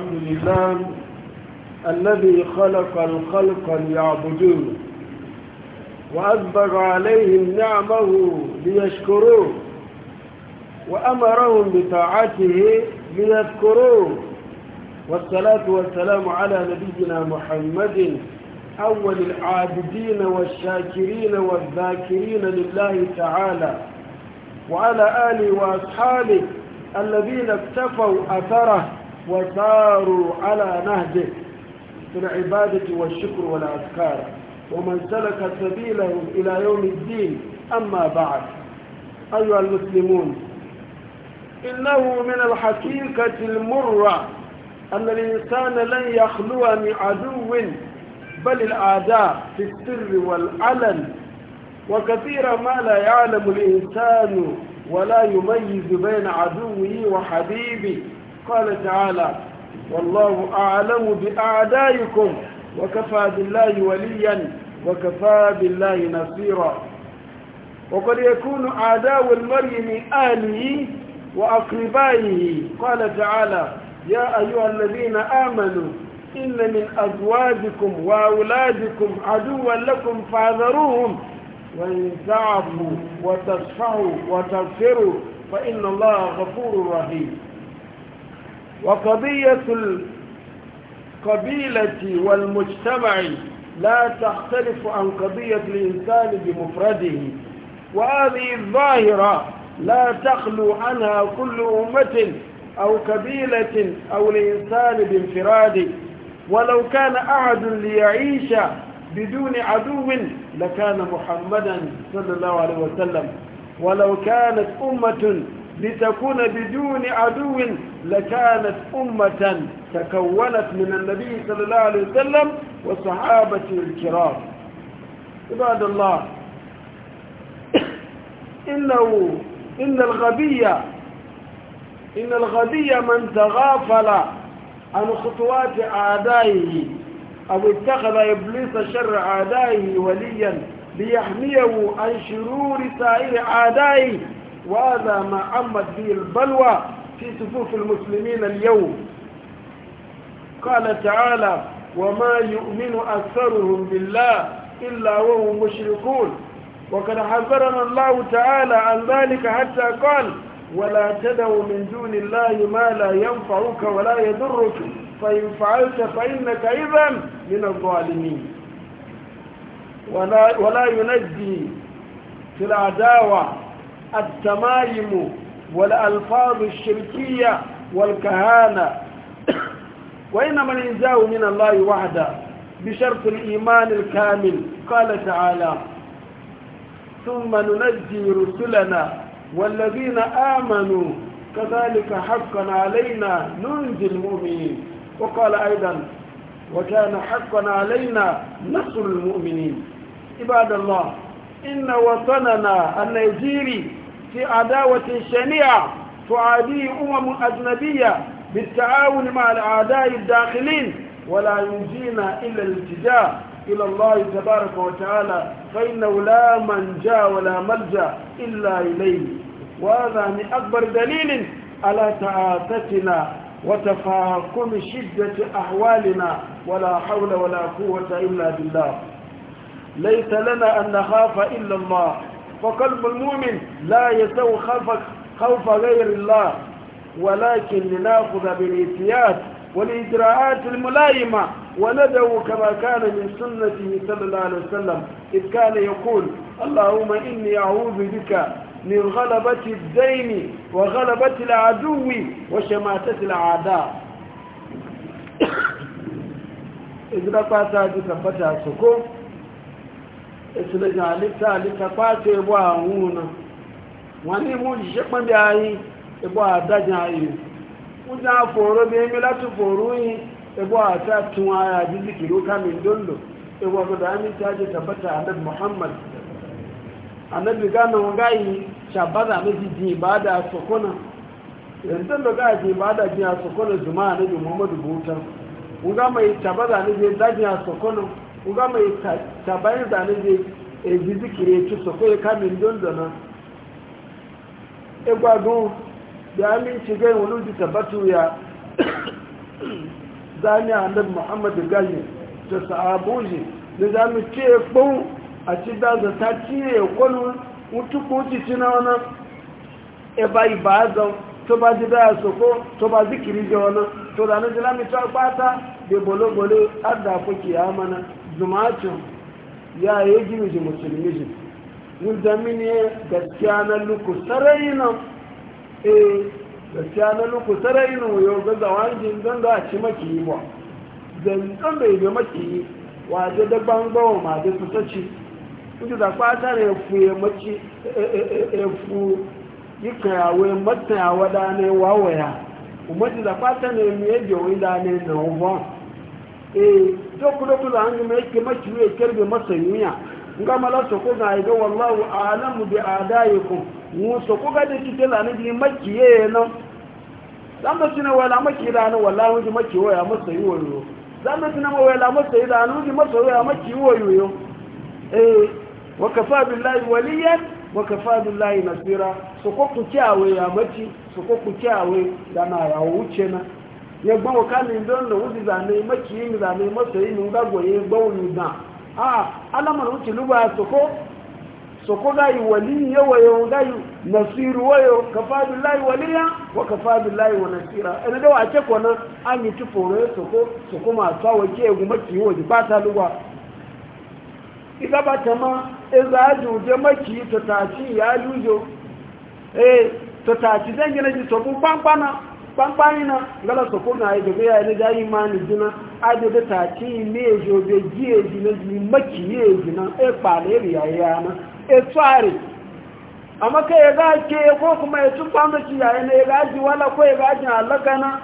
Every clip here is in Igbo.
الحمد لله الذي خلق الخلق ليعبدوه وأسبغ عليهم نعمه ليشكروه وأمرهم بطاعته ليذكروه والصلاة والسلام على نبينا محمد أول العابدين والشاكرين والذاكرين لله تعالى وعلى آله وأصحابه الذين اكتفوا أثره وساروا على نهجه في العبادة والشكر والأذكار ومن سلك سبيلهم إلى يوم الدين أما بعد أيها المسلمون إنه من الحقيقة المرة أن الإنسان لن يخلو من عدو بل الأعداء في السر والعلن وكثيرا ما لا يعلم الإنسان ولا يميز بين عدوه وحبيبه قال تعالى والله أعلم بأعدائكم وكفى بالله وليا وكفى بالله نصيرا وقد يكون أعداء المرء من أهله وأقربائه قال تعالى يا أيها الذين آمنوا إن من أزواجكم وأولادكم عدوا لكم فاذروهم وإن تعبوا وتصفعوا وتغفروا فإن الله غفور رحيم وقضية القبيلة والمجتمع لا تختلف عن قضية الإنسان بمفرده وهذه الظاهرة لا تخلو عنها كل أمة أو قبيلة أو الإنسان بانفراده ولو كان أحد ليعيش بدون عدو لكان محمدا صلى الله عليه وسلم ولو كانت أمة لتكون بدون عدو لكانت أمة تكونت من النبي صلى الله عليه وسلم وصحابته الكرام عباد الله إنه إن الغبية إن الغبي من تغافل عن خطوات أعدائه أو اتخذ إبليس شر أعدائه وليا ليحميه عن شرور سائر أعدائه وهذا ما عمت به البلوى في صفوف المسلمين اليوم قال تعالى وما يؤمن أكثرهم بالله إلا وهم مشركون وقد حذرنا الله تعالى عن ذلك حتى قال ولا تدعوا من دون الله ما لا ينفعك ولا يضرك فإن فعلت فإنك إذا من الظالمين ولا, ولا ينجي في العداوة التمايم والألفاظ الشركية والكهانة وإنما الإنزاء من الله وحده بشرط الإيمان الكامل قال تعالى ثم ننجي رسلنا والذين آمنوا كذلك حقا علينا ننجي المؤمنين وقال أيضا وكان حقا علينا نصر المؤمنين عباد الله إن وطننا النيجيري في عداوة شنيعة تعاديه أمم أجنبية بالتعاون مع الأعداء الداخلين ولا ينجينا إلا الالتجاء إلى الله تبارك وتعالى فإنه لا جاء ولا ملجا إلا إليه وهذا من أكبر دليل على تعافتنا وتفاقم شدة أحوالنا ولا حول ولا قوة إلا بالله ليس لنا أن نخاف إلا الله فقلب المؤمن لا يسوي خلفك خوف غير الله ولكن لنأخذ بالاحتياط والإجراءات الملائمة وندعو كما كان من سنته صلى الله عليه وسلم إذ كان يقول اللهم إني أعوذ بك من غلبة الدين وغلبة العدو وشماتة الأعداء إذ رفع ساجد فتح سكوب ètò lè jàn àlítà àlítà a ẹbọ na ọ̀nà wọn ji mú jíṣẹ́ pẹ́bí ayé anyị àdájà ayé mú jẹ́ àfòrò bí ẹmí láti fòrò yìí ẹbọ àti àtún ayé àdíjì kìló kàmí dòndò ẹbọ àgbàdo àmì tí a jẹ muhammad anabiga na yanzu da ga ake ba da uga mai tabayin zane je e ji zikire ci so ko ka min don da e amin gai wani ji tabbatu ya zani annab muhammad gani ta sa'abuji da zami ce kpon a ci da za ta ciye kwanu mutu ci ci na wani e ba ibazan tó bá jí bẹ́ẹ̀ sọ́kó tó bá zikiri jẹ́ ọ̀nà tó dánú jí lámìtọ́ pátá dèbòlógbòlé àdàkùn kìí àmàna jumacin ya yi gini musulmi ji zami ne da na luku sarai nan e da na luku sarai nan yau ga zawan jin zan ga ci maki yi ba zan bai ga maki yi waje da bangawa ma da su ci kuji da kwata ne fu ya maci e, e, e, fu yi kayawa ya mata ya wada ne wawaya umarci da kwata ne ya yadda wani da ne na ubon e yau kula la hannu mai yake mashi ya kirbe masa yuya nga mala soko ga ido wallahu a'lamu bi adaikum mu soko ga da kike ne bi makiye nan dan ba sina wala maki da nan wallahu ji maki waya masa yi wayo dan ba sina ma wala masa yi da nan ji masa waya maki wayo eh wa kafa billahi waliyan wa kafa billahi nasira soko ku kyawe ya maci soko ku kyawe da na ya wuce na ya gbawo kamin don da wuzi zane maki yin zane masa yin gagwaye gbawo yi da a alamar wuce luba soko soko gayi wali yawayo gayi nasiru wayo kafa billahi waliya wa kafa billahi wa nasira ina da wace ko nan an yi tuforo soko soko ma sawa ke gu maki yi waje bata luba iza ba ta ma iza e juje maki to taci ya jujo eh to taci zan gina ji to bu pampana kpamkpani na gala soko na ya gabe ya ne ga yi mani jina adada ta ce ne ya zo ji ya e ji na ji maki ya ji na e kpale ri ya ya na e tsari amma ka ya e ga ke ko kuma e ya tun fama ci ya ne ya gaji wala ko ya gaji halaka na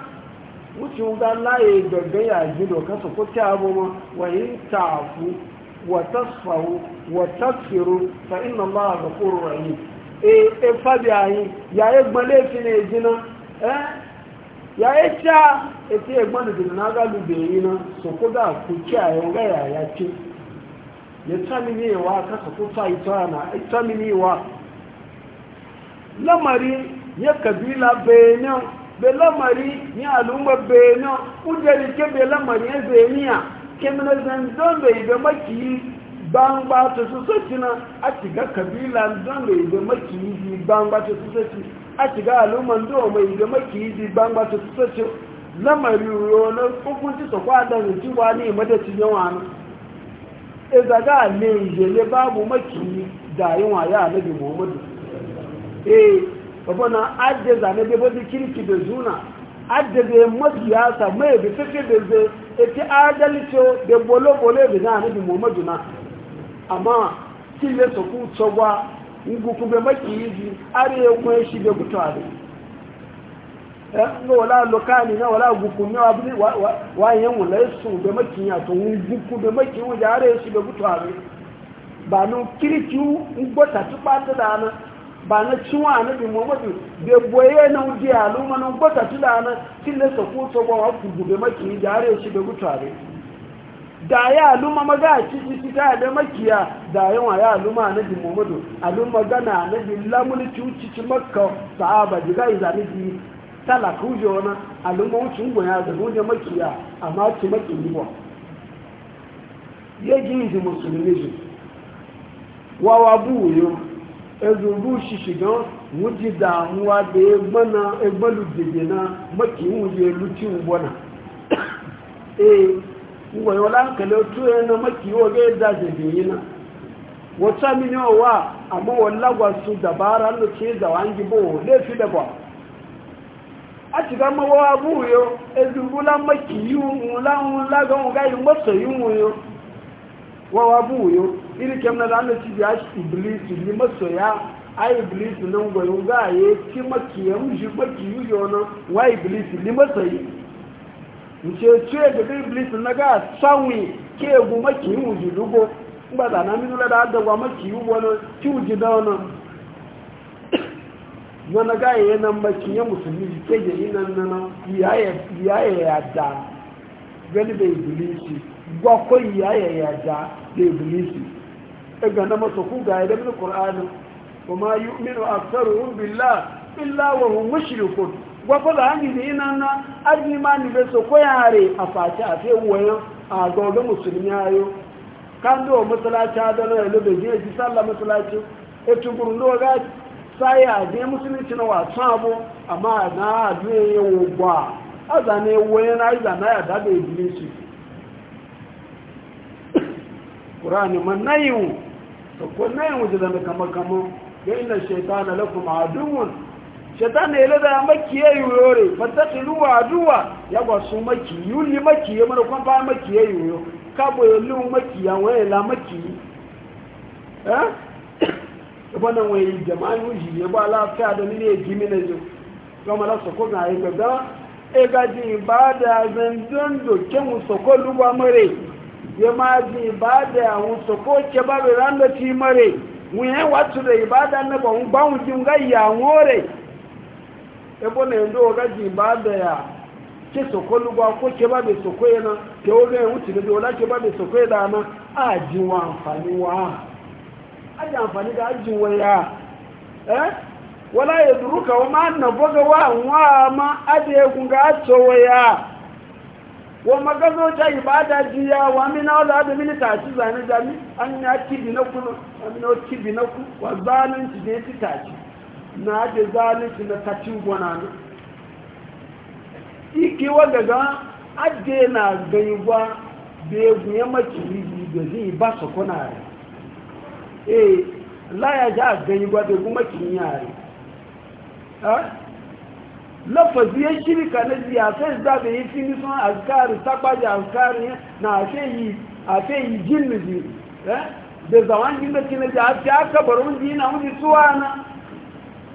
wuce ga la ya gaga ya ji do ka soko ta abu ma wa yi tafu wa tasfahu wa tasfiru fa inna allaha ghafurur rahim e e fabi ayin ya ye gbale fi ne jina eh ya echa eti egbonu dị na agalu be yi na sokoda kuchi a ya ya chi ya tsami ne wa ka sokoda ito na tsami ne wa lamari ya kabila benin be lamari ya alumba benin ujeri ke be lamari ya zeniya kemina zandon da ibe maki gbangba ta su na a kabila zandon da ibe maki gbangba ta su a shiga al'umman zuwa mai ga maki ji bangba ta su sace lamari ruwa na hukunci su kwanan rinci wa ne madacin yawa na e zaga ne jele babu maki da yawa ya muhammadu e babu na adda zane da babu kirki da zuna mai bi bolo-bolo e na na amma ku gufu be maki yiji are ko shi be gutu ade eh no wala lokani na wala gufu ne wa bi wa yen wala su be maki ya to un gufu maki wo ja are shi be gutu ade ba no kirichu ngbota tupa tadana ba na cinwa na bi muhammadu be boye na uje aluma na ngbota tudana kille sokuto ba wa ku gube maki ja are shi be gutu ade da ya aluma maga a ciki cika da makiya da yawa ya aluma na bi muhammadu aluma gana na bi lamun cuci makka sahaba diga izani tala na aluma wuce ngwa da makiya a maki maki yiwa ya ji ji musulmi ji wa wa bu yo ezubu wuji damuwa da egbana e dede na maki eh wòye wọ́n láǹkẹ̀lẹ̀ tó ẹnu mọ́kì yóò gé dájẹ̀ bí yín náà wọ́n tọ́ mi ní ọwọ́ àmọ́ wọ́n lágbà dàbára ló ti zàwà ń gbó wò lé fi dẹ̀bọ̀ a ti ká mọ́wọ́ abúrò ezugbola mọ́kì yíwù ńláhùn lágbàhùn gáyì mọ́sọ̀ yíwù yó wọ́n wá abúrò iri kẹ́mi náà lánà ti ní yá a ìbílísì náà gáyé tí nke tue bebe iblis na ga ke egwu maki iwu ji dugo mgbada na mmiri lada adagwa maki iwu wani ki uji da wani wani na maki ya musulmi ji ke yi na nana ya da gani da iblisi ya da da iblisi ega na masu ga ya mini kuma yi aksaru billah illa wa mushrikun gwafala anyị da ina na aji ma ni bai so koyare a face a fe wayan a gogo musulmi ayo kan do masalaci adana ya lobe je ji sallah masalaci e tugurun do ga sai a je musulunci na wasu abu amma na adị aduye ya a. aza ne wayan na iza na ya dabe ibilisi Qur'ani man nayu to ko nayu je da kama kama ya inna shaytana adị aduwwun shaitan ne lada makiye yore fatakiluwa aduwa ya gwasu maki yuli makiye mana kwan ba makiye yoyo kabo maki ya waye la maki eh bana waye jama'a yuji ne ba lafiya da ne ji mina yo to mala so ko ga ga ga e ga ji ibada zan dondo ke mu so ko luwa mare ya ma ji ibada mu so ko ke ba ran da ti mare mu yan watu da ibada na ba mu ba mu ji ngai ya ngore ebo na ndo ga jimba da ya ke soko lugwa ko ke ba be soko yana ke o ga wuce da wala ke ba be soko da na a ji wa amfani wa a ji amfani da aji e? wa ya eh wala ya ka wa ma na boga wa wa ma ade kun ga ato wa ya wa magazo ta ibada ji ya wa mina wala da mini ta ci zani da mi an ya ci bi na ku amina na ku wa zalunci ne ci ta ci na ake zalunci na kacin gwana ne iki wadda ga ajiye na gaiwa da ya gunye makiri da zai ba su kuna yare eh laya ji a gaiwa da kuma kiri yare lafazi ya ka na ziyasai za da yi fini sun azkari takwaji azkari na afe yi jin nijiri eh? da zawon gina kinaji a fi aka baron jina wani suwa na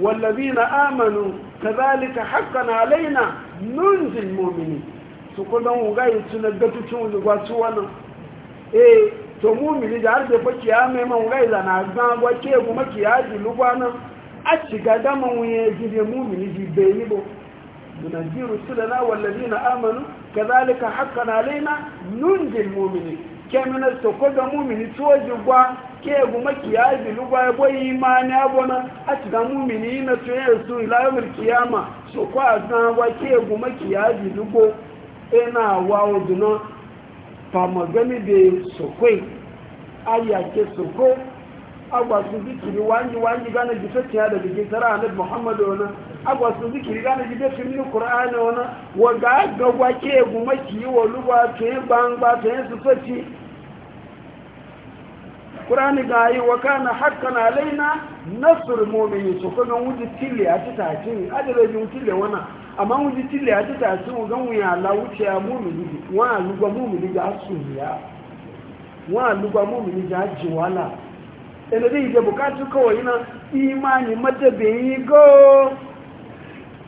والذين آمنوا كذلك حقا علينا ننزي المؤمنين سكونا وغاية سنقاتو تشوني واسوانا eh to mumini da har da fa kiyama man gai da na ga gwa ke kuma kiyaji lugwana a ciga da man wuye jide mumini ji beni bo munajiru sulana wal ladina amanu kadhalika haqqan alaina nunjil mu'minin kemina soko ga mumini tuwo jigwa ke bu makiya bilugwa ya boi imani abona a ci ga mumini na tuye su ilayomir kiyama soko a zanwa guma kiaji lugo ena ina wa oduna famagani da soko ayyake soko agwasu zikiri wangi wangi gane gitacciya da jikin tara a nabi muhammadu wani agwasu zikiri gane jibe filin kur'ani wani waga gagwa ke gumaki wa lugwa to yin gbangba to ƙurani ga yi wa kana haƙƙan alaina nasur momini su kuma wuji tile a cita cin adalai ji tile wana amma wuji tile a cita cin gan wuya la wuce ya momini wa lugwa momini ga suniya wa lugwa momini ga jiwala ina dai da bukatu kawai na imani madabe yi go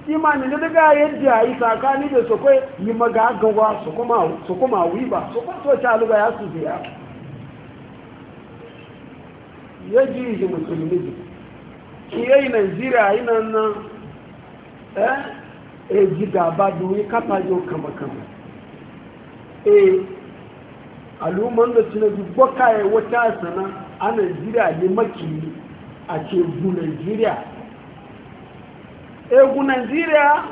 imani da daga yadda a yi tsakani da su kai yi maga gawa su kuma wiba su kuma to ta lugwa ya su biya ya ji ji musulmi ji ki yayi nigeria ina nan e ji gaba duwi kafa yau kama kama e al'umman da suna dubba kayan wata sana a nigeria ne maki a ce gu nigeria egu nigeria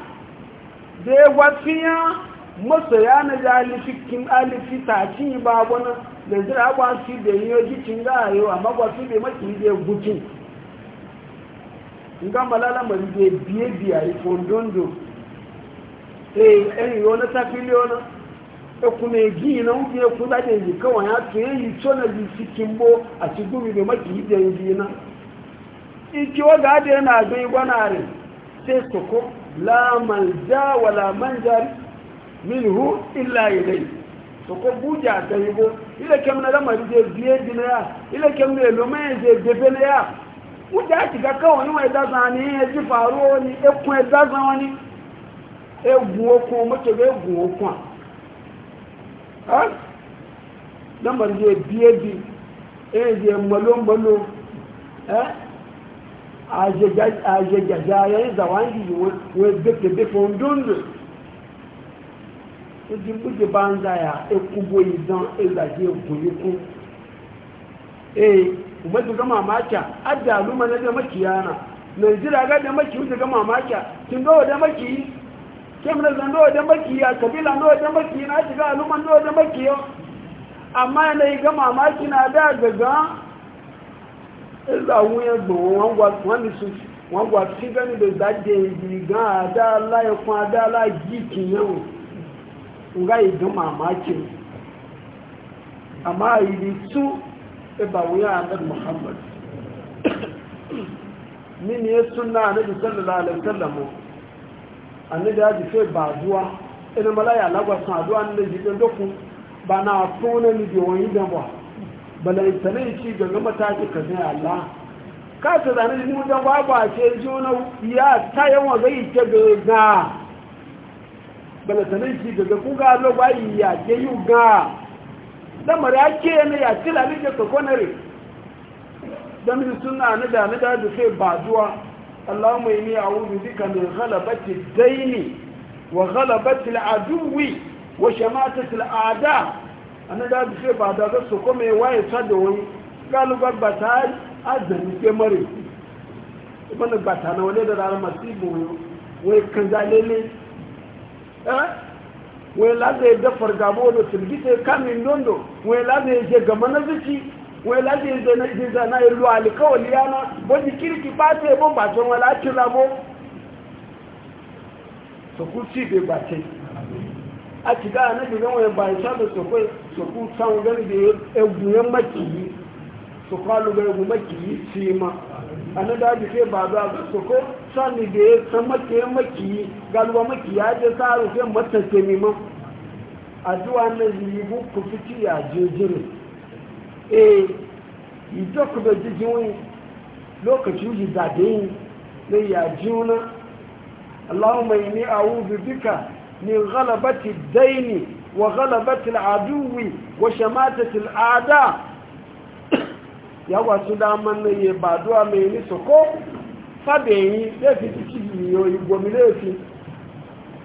da ya wafiya masoya na da alifikin alifi ta cinye babu nan da agba ba su da yi yoji cin ra'ayo amma ba su da maki da guki in malala mai biye biya yi fondondo eh eh yo na tafili e e na e na ụdị e kuma ya to yi tsona ji cikin a ci gumi da maki da yi na e ga na yi gwanare la manja wala manja minhu Soko ko buja ta yi bo ile kem na lama je biye dina ya ile kem ne lo me je defe ya buja ti ka kawo ni wai daza ni e ji faro ni e kun e daza wani e gun okun mo to be gun okun ha lama je biye bi e je molo molo eh aje ya zawangi wo wo de de fondundu ojúgbójú bá ń dáyà ekúgbó ìdán ìgbàjí ègùn ikú ee eh, umarci gama maka adda aluma na jamaki yana nigeria ga jamaki wuce gama maka kin dowa jamaki kemna zan dowa ya kabila na yi gama maki na da gaga ìlàwọ̀ ẹgbọ̀n wọn gbà da ìdájẹ́ ìgbìgán àdá nga yi dun mamakin amma yi su e ba wuya anar muhammad ni ya e suna ne bi sallallahu alaihi wasallamu annabi da ji sai ba zuwa ina malaya lagwa sa aduwa na ji ɗan doku ba na tona ni da wani da ba balaitanai ci gaga mataki ka zai allah ka ta zanen ni mutan ba ba ce juna ya ta yawa zai ke ga balatanin shi daga kuga lo bayi ya ke yi ga damar ya ke yana ya ce lalita ta kwanare don suna na da na da sai ba zuwa Allah mai ne a wuri duka min ghalabati daini wa ghalabati al'aduwi wa shamatati Eh? wai lazai da fargabo da turgita kamin dondo wai lazai je gama na zuci wai lazai je na jiza na irlu alikawali yana wani kirki ba ta yi bambacin wala ci rabo sokuci bai a ci da na gidan wani bayan sabon sokwai sokun san gari da ya eguyen makiyi sokwalu ga egun makiyi ci ma ana da ke ba za a su ko sani da ya san ya makiyi galwa ya je sa rufe matace neman ma zuwa na yibu ku fiti ya je jiri eh ito ku da wani lokacin ji da yi ne ya jiuna Allahumma inni a'udhu bika min ghalabati ad daini wa ghalabati aduwi wa shamatati al yàwà tó dáàmà yẹ iye bàdúrà ní sọ́kọ́ fábẹ̀yìn lẹ́ẹ̀fi títí ìyọ ìgbòmí lẹ́ẹ̀fi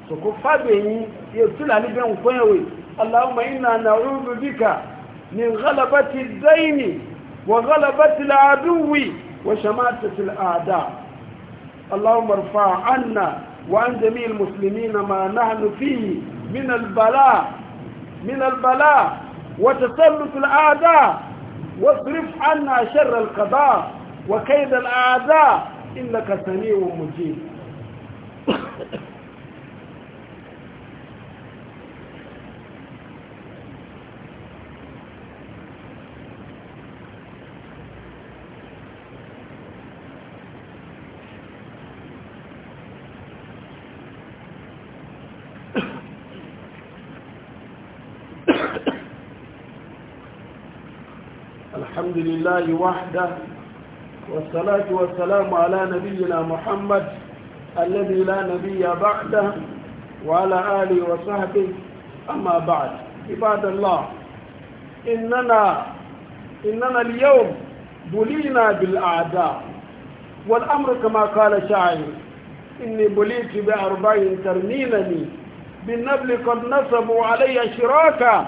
sọ́kọ́ fábẹ̀yìn yóò túlà níbẹ̀ ń fún ẹ̀wẹ̀ aláwọ̀mọ̀ iná na rúrú bíkà ní ghálàbá ti dáìní wà ghálàbá ti láàdúwì wà ṣàmá ti ti àdá aláwọ̀mọ̀ rfa anna wa an jami musulmi na ma náà nufi min albala min albala wata sallutul àdá واصرف عنا شر القضاء وكيد الأعداء إنك سميع مجيب الحمد لله وحده والصلاة والسلام على نبينا محمد الذي لا نبي بعده وعلى آله وصحبه أما بعد عباد الله إننا إننا اليوم بلينا بالأعداء والأمر كما قال شاعر إني بليت بأربعين ترمينني بالنبل قد نصبوا علي شراكا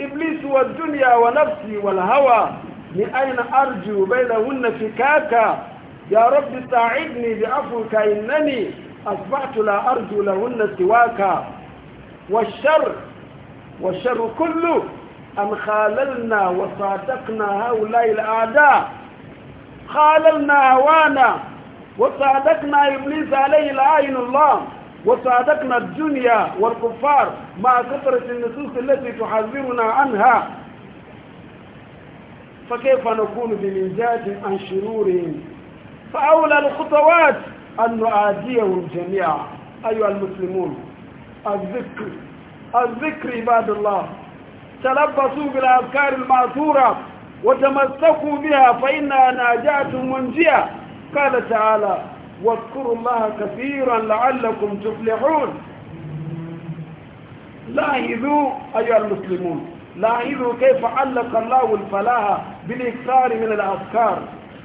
إبليس والدنيا ونفسي والهوى من أين أرجو بينهن فكاكا يا رب ساعدني بعفوك إنني أصبحت لا أرجو لهن سواكا والشر والشر كله أن خاللنا وصادقنا هؤلاء الأعداء خاللنا هوانا وصادقنا إبليس عليه العين الله وصادقنا الدنيا والكفار مع كثرة النصوص التي تحذرنا عنها فكيف نكون بميزات عن شرورهم فأولى الخطوات أن نعاديهم جميعا أيها المسلمون الذكر الذكر عباد الله تلبسوا بالأذكار المعثورة وتمسكوا بها فإنها ناجاة منجية قال تعالى واذكروا الله كثيرا لعلكم تفلحون لاحظوا أيها المسلمون لاحظوا كيف علق الله الفلاح بالإكثار من الأذكار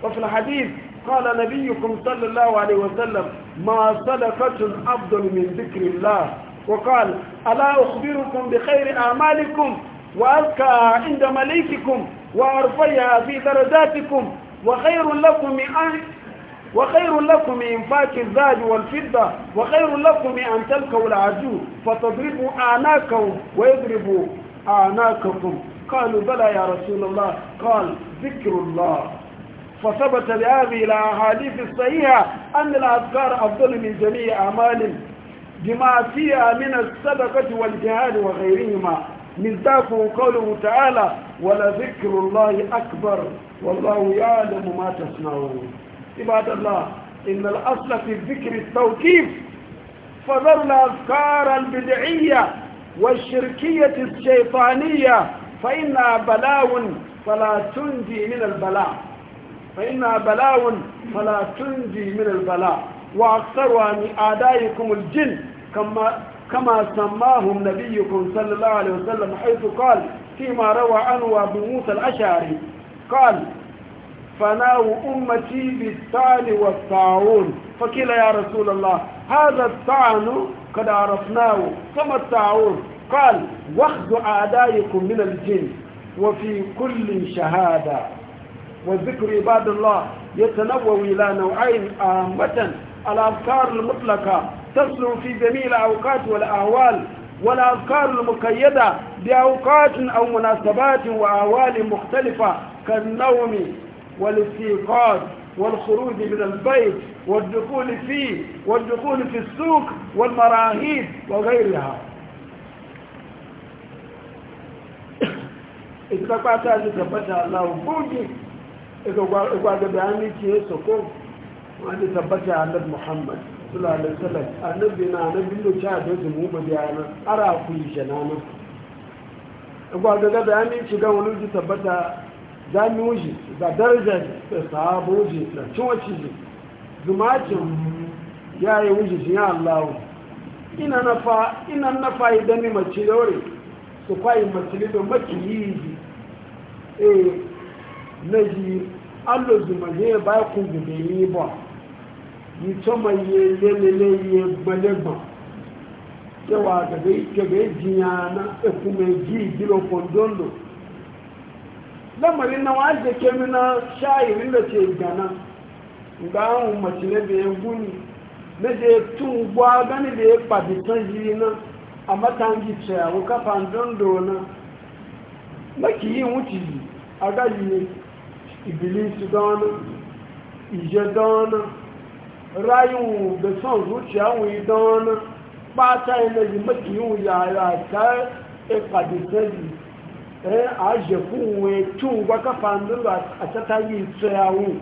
وفي الحديث قال نبيكم صلى الله عليه وسلم ما صدقة أفضل من ذكر الله وقال ألا أخبركم بخير أعمالكم وأذكى عند مليككم وأرفيها في درجاتكم وخير لكم من أن وخير لكم من فاك الذهب والفضة وخير لكم من أن تلقوا العجو فتضربوا أعناقهم ويضربوا أعناقكم قالوا بلى يا رسول الله قال ذكر الله فثبت بهذه الأحاديث الصحيحة أن الأذكار أفضل من جميع أعمال بما فيها من الصدقة والجهاد وغيرهما مصداقه قوله تعالى ولذكر الله أكبر والله يعلم ما تصنعون عباد الله إن الأصل في الذكر التوقيف فظل الأذكار البدعية والشركية الشيطانية فإنها بلاو فلا تنجي من البلاء فإن بلاو فلا تنجي من البلاء وأكثر من أعدائكم الجن كما كما سماهم نبيكم صلى الله عليه وسلم حيث قال فيما روى عنه أبو موسى الأشعري قال فناو أمتي بالطعن والطاعون فكلا يا رسول الله هذا الطعن قد عرفناه كما الطاعون قال واخذوا أعدائكم من الجن وفي كل شهادة وذكر عباد الله يتنوع إلى نوعين عامة الأذكار المطلقة تصل في جميع الأوقات والأهوال والأذكار المقيدة بأوقات أو مناسبات وأهوال مختلفة كالنوم والاستيقاظ والخروج من البيت والدخول فيه والدخول في السوق والمراهيد وغيرها ìtìlápátá ti tàbátá aláwọ̀ bóògì ìgbàgbẹ̀bẹ̀ á ní kí sọ̀kọ́ wọ́n ti tàbátá alẹ́ muhammad sulalai annabi na annabi lo cha da mú mu bayana ara ku yi janana ìgbàgbẹ̀bẹ̀ á ní kí ga ti tàbátá zami wuji da daraja da sahabo wuji da ciwaci ji zumacin ya yi ina na idan ni da wuri su da yi ee eh, na e ji e zumaje ba ku gube yi yi to ma ye lelele ye gbalegba cewa daga ike ga jiya na ekume ji gilo kondondo na wajen kemina sha'irin da ce gana mace ne na tun gwa gani da ya yi na a matan gi tsayawo kafan dondo na aga yi ibilisi dɔɔna ije dɔɔna rayu da son zuciya wuyi dɔɔna kpata yi na yi maki yi yara ta ipadi e sɛli ɛɛ e, a je kun wee tun gba kafa nduru a tata yi tsaya wu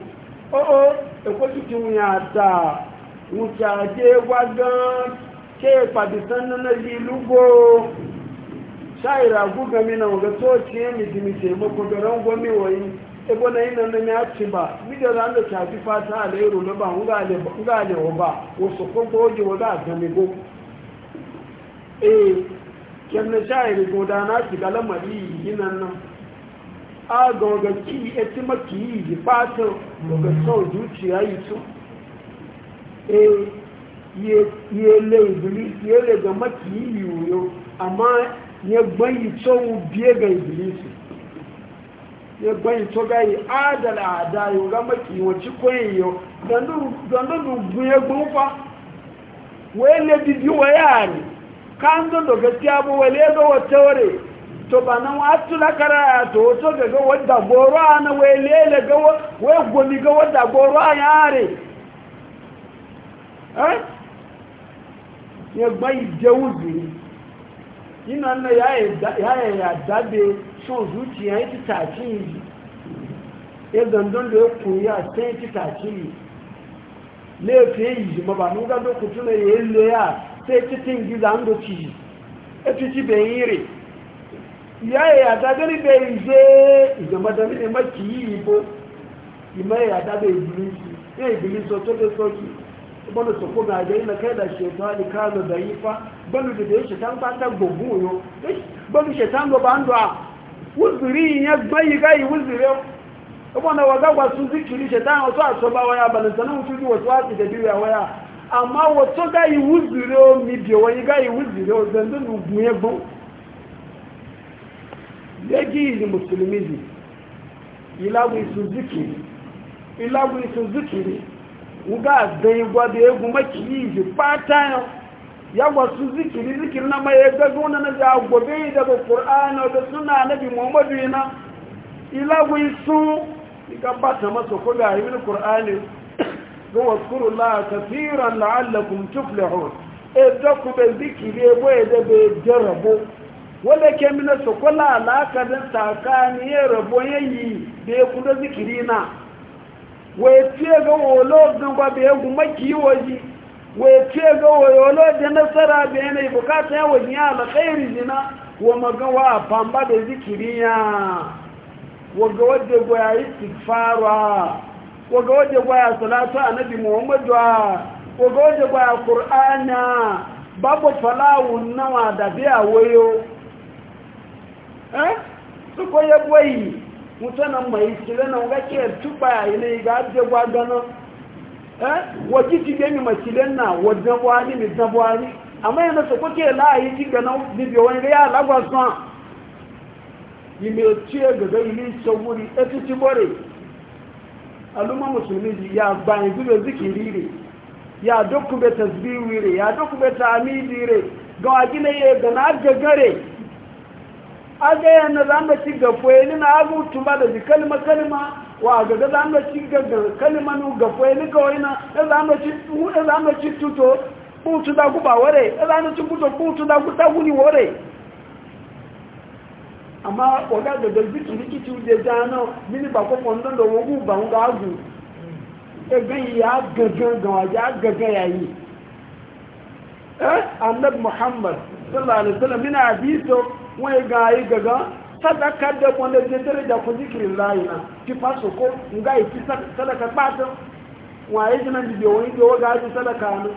oo ekwetu ti wuyi ata wuta de gwa gan ke ipadi sɛli na yi lugboo shaira guga mina ga toci ya miji mije mako da rangon miwoyi ebo na yi nan e, ya ci ba da shafi a na ba ba wasu kwakwa oji wa za a gami go eh kyan na shairi na ci ga lamari yi nan a ga ki ya yi fata yi Ee, ibili yi ya gbanyi tsohon biye ga ibilisi ya gbanyi to gayi adala adayo ga makiwaci kwaye yau dandun dubu ya gbanfa wai le bibi wa yari kan don da gaskiya ba wai le ga wata ware to ba nan wasu na kara to wato ga ga wadda goro a na wai le ga wai gomi ga wadda goro a yare eh ya gbanyi jewuzi ina na ya ya dabe son zuciya ya ci taci yi ya gandun da ya koya sai ya ci taci yi laifin yi ji ma ba nun gando ku tuna ya yi laya sai ci tin giza an doci yi ya ci ci bai yi re ya ya dabe ni bai je ìjọba dami ne maki yi ibo ìmọ̀ ya dabe ìbìlì ya ìbìlì sọ tó dé sọ́kì bọ́lù tó kó gàjẹ́ ilẹ̀ kẹ́lẹ̀ ṣètò àdìkálò bẹ̀ yífá bọ́lù dìde ṣètàn pátá gbogbo yóò bọ́lù ṣètàn lọ bá ń dọ́ à wùzìrí ìyẹn gbọ́n yìí gáyìí wùzìrí ọmọ náà wàgbàgbà tún sí kìí ṣètàn ọ̀tọ́ àṣọba wáyà balẹ̀sánà ń túnjú wọ̀tọ́ àti dẹ̀bí wáyà àmọ́ wọ́tọ́ gáyìí wùzìrí ó mi bì wọ́n yìí gáyìí wùzìrí ó zẹ̀ndún gùn yẹn zikiri nga zai gwada ya guma kiji fata ya wasu zikiri zikiri na mai gago na na ja gobe daga qur'ana da suna nabi muhammadu na. ila gwi su ga masa ko ga ibn qur'ani ga kuru la kathiran la'allakum tuflihun e da ku be zikiri e boye be jarabo wale ke sokola la ka Saka, sakani ya e rabo yayi da ku zikiri na wee tie ga wolodin gwa bai egwu maki wa wee tie ga wolodin nasara bai na bukata ya waje ya alkhairi jina wa magawa pamba da zikiri ya waga wadda gwaya istighfara waga wadda gwaya salatu annabi muhammadu waga wadda gwaya a babu falawun nawa da biya wayo eh su mutana mai silena na ke tupa ile ga je gwa gano eh waji ti be mi masilena wadan wani mi dan wani amma yana so koke la yi ti gano bi bi wani ga la gwa san yimi o ti e gaga ile so wuri e ti ti bore aluma musulmi ya gba yin bi zikiri re ya doku be tasbihi re ya doku be tamidi re ga ajine ye gana gagare aga yana za mu ci ga foyeni na agu tumba da ji kalma kalma wa ga ga za ci ga ga kalma nu ga foyeni kawai na da za ci da ci tuto putu da ku ba ware da za ci puto putu da ku ta guni amma oga e ga ga bitu liki de mini ba ko fondo do ba un agu e ya ga ya yayi eh muhammad sallallahu alaihi wasallam mina wai ga yi gaga sadaka da wanda je daraja ku zikirin layi na ki faso ko nga sadaka bata waye jinan da biyo wani biyo ga ji sadaka ne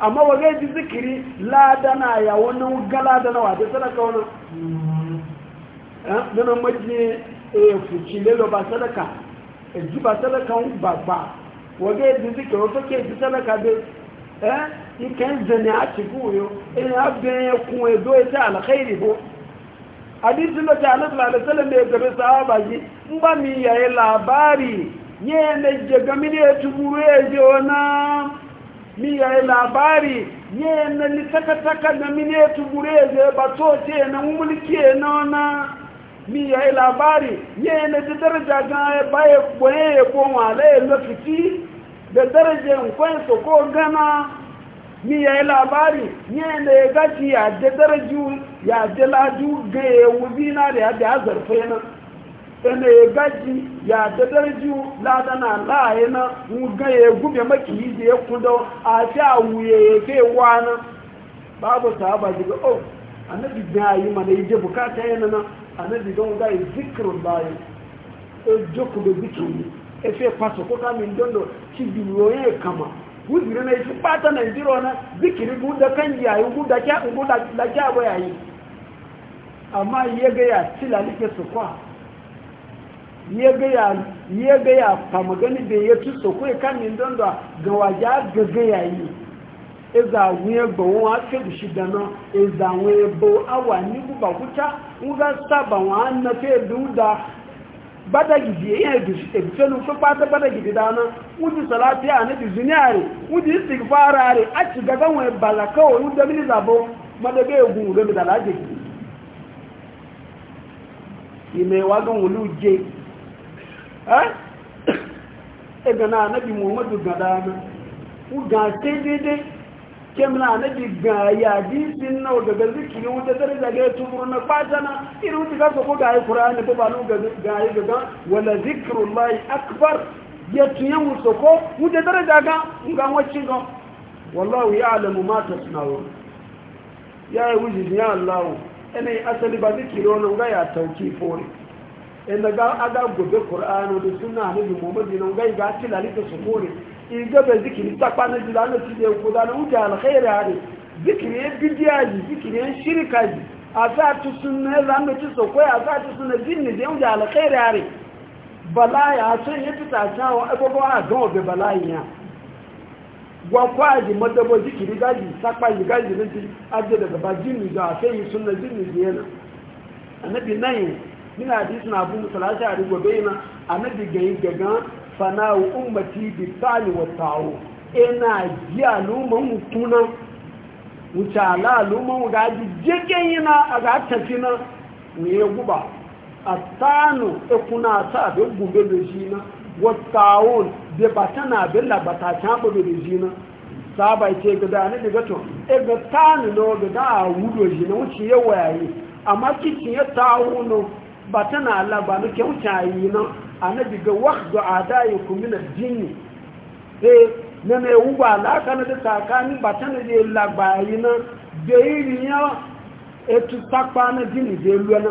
amma wa gaji zikiri ladana ya wani gala da nawa da sadaka wani nanan maji fuci lelo ba sadaka ji ba sadaka babba wa gaji zikiri ke ji a cikin hadisi na ta annabi sallallahu alaihi wasallam ya gabe sahaba ji in ba mi yayi labari ye ne je gamini ya tubure je ona? mi yayi labari ye ne ni taka taka da mini ya tubure je ba to ce na mulki na ona mi yayi labari ye ne da daraja ga ba ya boye ko wala ya fiti da daraja in kwanso ko gana ni ya yi labari ni ne ya gaji ya je daraju ya je laju ga ya wuzi na da ya da zarfe na ene ya gaji ya je daraju ladana la'ayi na ga ya gube maki yi da ya kudo a sha wuye ya ke wana babu sahaba daga oh annabi da yi mana yi je bukata yana na annabi don ga yi zikirin bayan e jokudo zikiri efe paso ko kamin dondo ci kama wuzuri na ishi fata nigeria na zikiri guda kan yayi guda kya ba yayi amma ya ga ya cila nike su kwa ya ga ya fama gani da ya ci su kwa kan yin don da ga waje ga ga yayi iza e wuye gbawon wa ke gushi dana iza e wuye bo awa ni guba kuta wuga saba wa an na fe duda gbádàgìdì èyàn èdùfẹ́nu tó pátá gbádàgìdì dáná wọ́n ti sọ̀rọ̀ àti àníbi zuniya rẹ̀ wọ́n ti sì fara rẹ̀ á ti gàgà wọn ìbàlà káwọn ohun dẹ́mílì zàbọ̀ mọ́dẹ́gẹ́ ogun òwe mi dàlá jẹ̀ kìí ìmọ̀ ìwádùn wọn kemna na diga ya disin na daga zikiri wata daga ga ya tuburu na fatana irin wuce kasa ko gaye ne ba balu ga gaye gaga wala zikrullahi akbar ya tuye wuce ko wuce daraja ga nga wacce ga wallahu ya'lamu ma tasna'u ya yi wuce ya Allah ene asali ba zikiri wannan nga ya tauki fori ina ga aga gobe qur'ani da sunna ne mu nga ga ga tilali ta su fori igabe zikiri tsakanin jila na ci da kuda na wuce alkhaira ne zikirin bidiya ji zikirin shirka ji a sa ci suna zama ci sokwai a sa ci suna jinni da wuce alkhaira ne bala ya sun yi fita cewa abubuwa a gama bai bala ya gwakwa ji madabo zikiri gaji sakpa ji gaji na ji ajiye daga ba jinni da a sai yi suna jinni da na annabi nan yana hadisi na abu musalasa a rigobe yana annabi gayi gagan fana'u ummati bi tsali wa ta'u ina ji aluman mutuna wuce ala aluman ga ji jikin yana a ga tafi na guba a tsano ikuna e ta da gube da jina na wa ta'un da ba tana billa ba ta da jina na saba ce ga da ne daga to e ga tani no ga da wudo jina wuce yawa yayi amma kicin ya ta'un ba tana ala ba ne ke wuce yi na annabi ga waqdu adaikum min ad-din eh nana ewu ba la kana da takani batana de la bayina de e etu takpa na jini de luana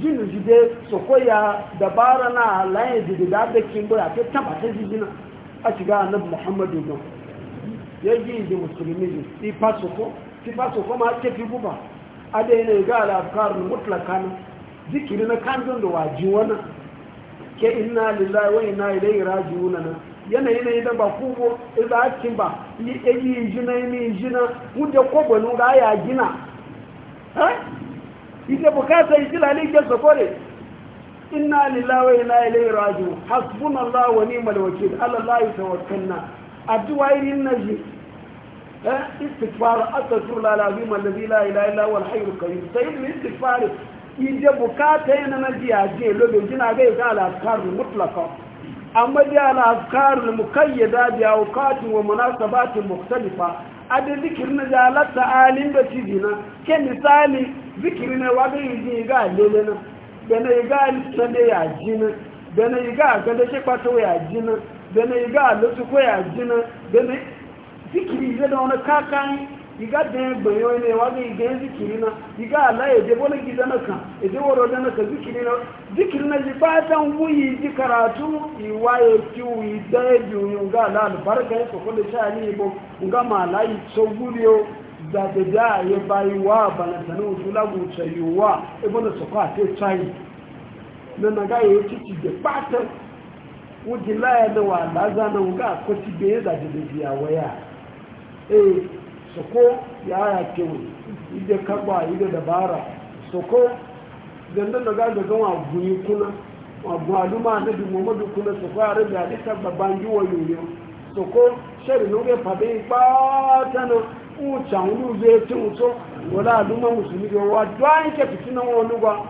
jini jide sokoya dabara na laye jide da da kin ya ke tabata jina a ga annabi muhammadu ya yaji da musulmi ji ifa soko ifa soko ma ke fi guba ne, ga la afkar mutlaqan zikiri na don da wajiwana wannan ke inna lillahi wa inna ilai raji wunana yanayi ne da ba kubo iza e akin ba ni eyi jina ni e jina mu da ko ga ya gina ha ite bukata yi ijila ne ke sokore inna lillahi wa inna ilaihi raji'un hasbunallahu wa ni'mal wakeel ala allahi tawakkalna addu'a irin na ji استغفر الله العظيم الذي لا اله الا هو الحي القيوم سيد الاستغفار ide bukata yana na jiyaje lobe jina ga yi ga al'afkarun mutlaka amma da al'afkarun mukayyada da aukatin wa munasabatin muktalifa a da zikirin na jalata alin da cibi na ke misali zikirin na wa ga yi ga lele na da na yi ga sande ya jina da na yi ga gada kwato ya jina da na yi ga lutu ko ya jina da na zikiri zai da wani kakan iga den gbanyo ne wani iga zikiri na iga ala yaje wani gida na kan yaje waro da na kan zikiri na zikiri na ji fatan wuyi ji karatu iwa ya e ki wuyi da ya e ji wuyi ga ala albarka ya e soko da sha ni nga ma ala yi so guriyo da da da ya bayi wa balantana wasu lagu tsayuwa ibo na soko a te tsayi na na ga ya ci da fatan wujin laya da wa na nga ko ci da da biya waya e. so ya yaya kewu ide kagba ide dabara Soko, ko ganda da ga ga guni kuna wa gwaluma na bi muhammadu kuna so ko arabi a dika babban yiwa yoyo so ko shari nuge fabe pata na ucha uluze ti uto wala aluma musulmi wa dwan ke fitina wa lugwa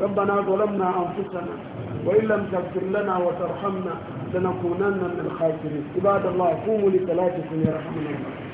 ربنا ظلمنا انفسنا وان لم تغفر لنا وترحمنا لنكونن من الخاسرين عباد الله قوموا لصلاتكم